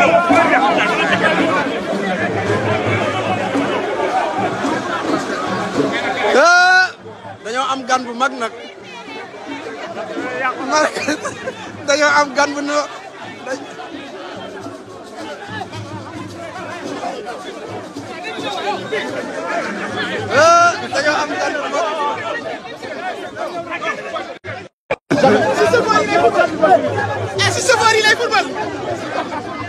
Eh, dañoo am gan bu mag nag dañoo am gan bu no eh, dañoo am gan bu mag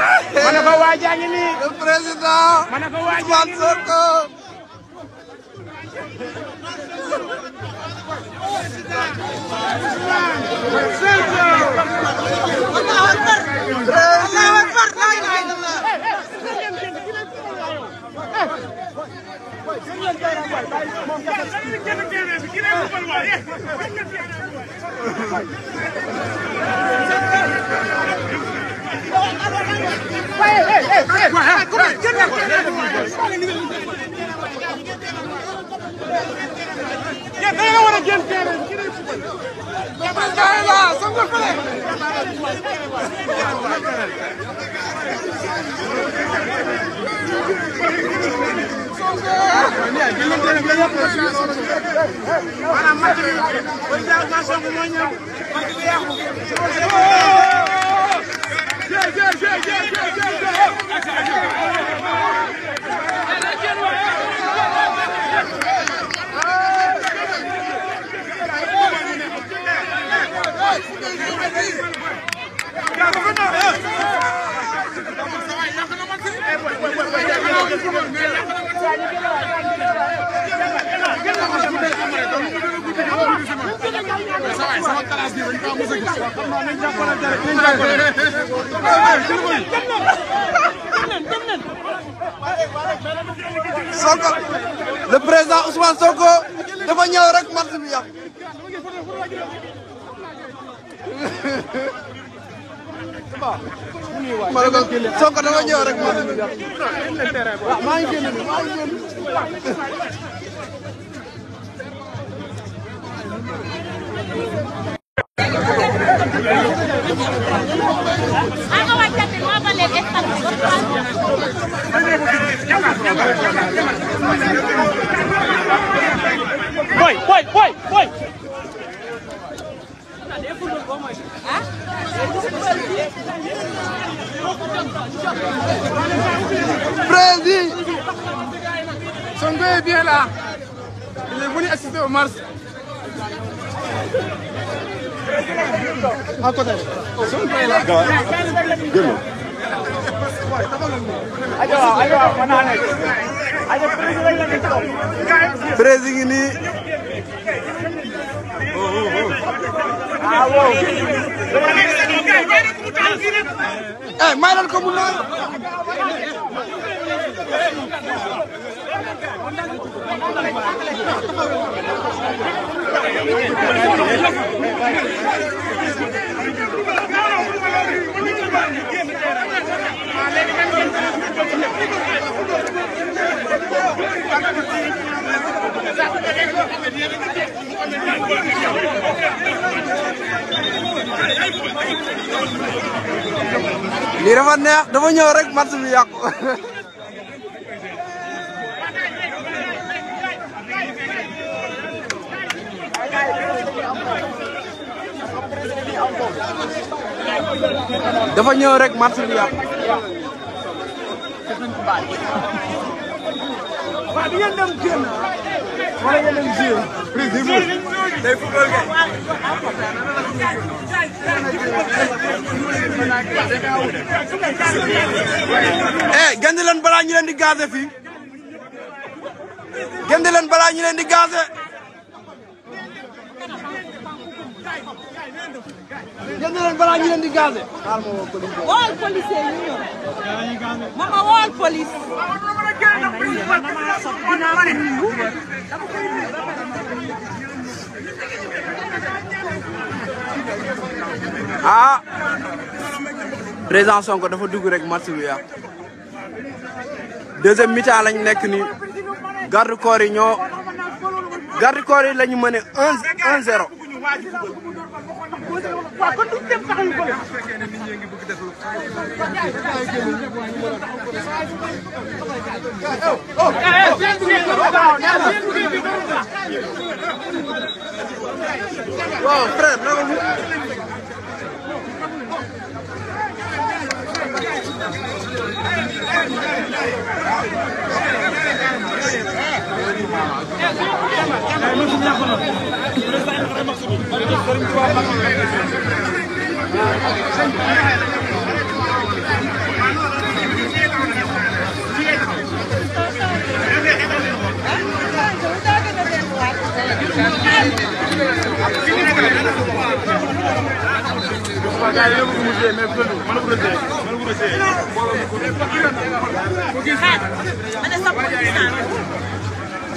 ma ne ko waa jaa ngi nii. le président. ma ne ko waa jaa ngi nii. Thank you. maanaam match bi mooy ñëw Come on, come on. Sonko le président Ousmane Sonko dafa ñëw rek marche bi yàq. ma ne ko Sonko dafa ñëw rek marche bi yàq. Woi, woi, woi. Président, son gars est bien là. Il est venu assister au mars. À côté. Son eh may leen ko mu ne. lii dafa neex dafa ñëw rek match bi yàqu. dafa ñëw rek match bi yàqu. wala eh, nga dem joué bi gënd leen balaa ñu leen di gazé fii gënd leen balaa leen di gazé. génn leen balaa ñu leen di gazé. xaaral ma woo ma ma wool police. ah. président Sonko dafa dugg rek match bi yàqu. Ah. deuxième mi-temps lañ nekk ni garde corps yi ñoo. garde corps yi lañu mëne un un zéro. waaw kon du dem taxawu ko. waaw frère naka Mana sapu di sana.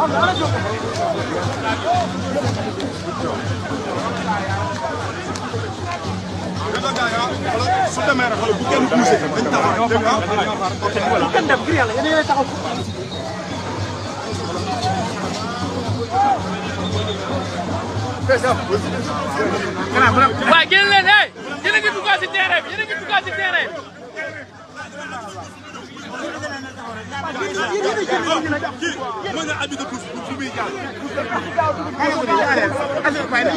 su demee rek xoolal bu kenn poussé dañ taxaw dégg nga bu kenn dem ngir yàlla yéen a taxaw. waaw génn leen hey yéen a ngi dugg si terrain bi yéen a ngi dugg si terrain bi. mën a habité pousse pour muy jàll. waaye dañuy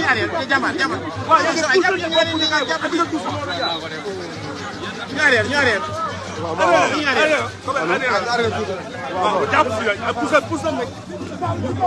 arrêté te jàmbaar jàmbaar. waaw yéen a ngi koy arrêté ñu arrêté